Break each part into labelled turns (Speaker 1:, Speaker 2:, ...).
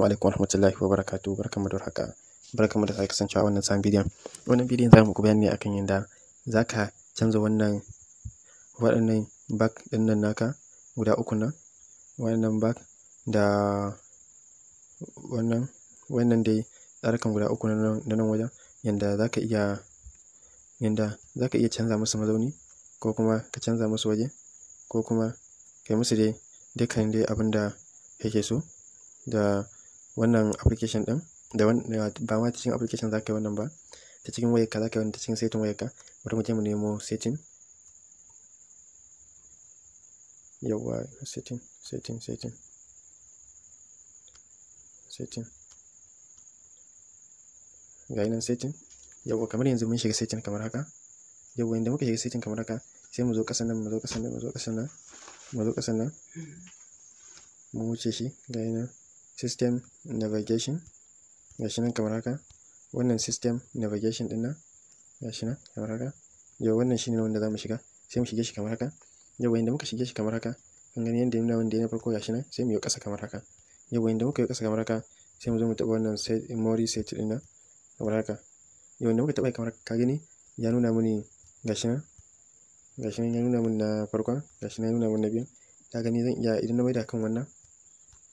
Speaker 1: Assalamu alaikum warahmatullahi wabarakatuh barkamu da haka barkamu da sake kasancewa wannan sabon bidiyon wannan bidiyon zamu ku bayani akan yadda zaka canza wannan waɗannan bag ɗin nan naka guda uku nan wannan bag da wannan wannan dai tsarikan guda uku na nan wajen yanda zaka iya yanda zaka iya canza musu mazauni ko kuma ka canza musu waje ko kuma kai musu dai dukkan dai abinda kake so da wannan application ɗin da wannan ba ma cikin application za ka yi wannan ba ta cikin wayarka za ka yi wannan ta cikin setting wayarka bari mu je mu nemo setting yawwa setting setting setting setting ga nan setting yawwa kamar yanzu mun shiga setting kamar haka yawwa inda muka shiga setting kamar haka sai mu zo ƙasan nan mu zo ƙasan nan mu zo ƙasan nan mu zo ƙasan nan mu wuce shi ga nan system navigation gashi nan kamar haka wannan system navigation din nan gashi nan kamar haka yau wannan shine wanda zamu shiga sai mu shige shi kamar haka yau inda muka shige shi kamar haka kun gani yanda yana wanda yana farko gashi nan sai mu yi ƙasa kamar haka yau inda muka yi ƙasa kamar haka sai mu zo mu taɓa wannan set memory set din nan kamar haka yau inda muka taɓa kamar haka ka gani ya nuna mini gashi nan gashi nan ya nuna min na farkon gashi nan ya nuna min na biyun ka gani zan iya idan na maida kan wannan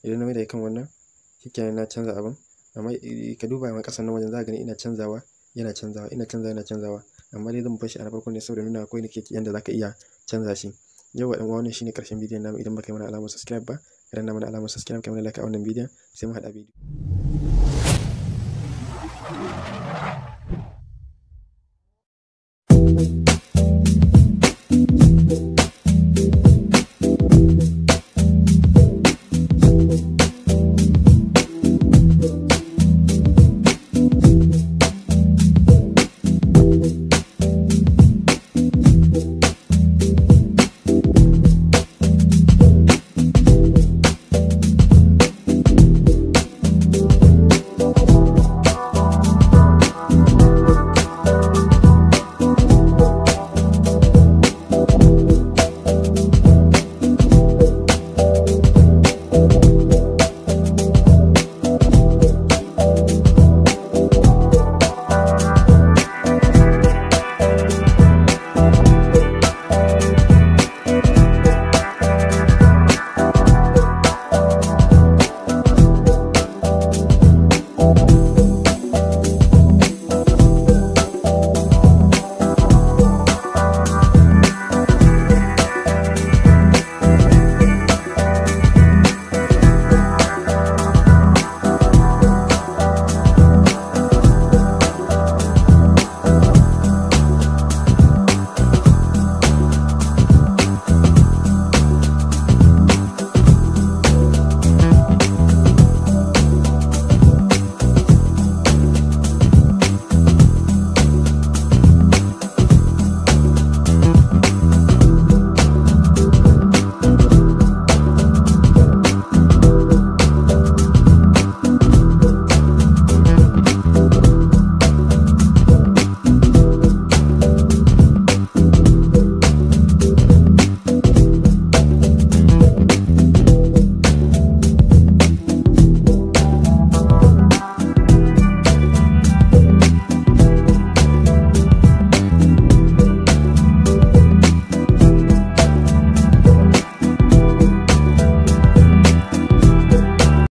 Speaker 1: idan na maida kan wannan shikenan na canza abin amma eh, ka duba ma ƙasan nan wajen za ka gani ina canzawa yana canzawa ina canzawa yana canzawa amma dai zan bar shi a na farko ne saboda nuna akwai nake yanda za ka iya canza shi yau ɗan wannan shine ƙarshen bidiyon namu idan baka yi mana alamar subscribe ba idan na mana alamar subscribe kai mana like a wannan bidiyon sai mu haɗa bidiyo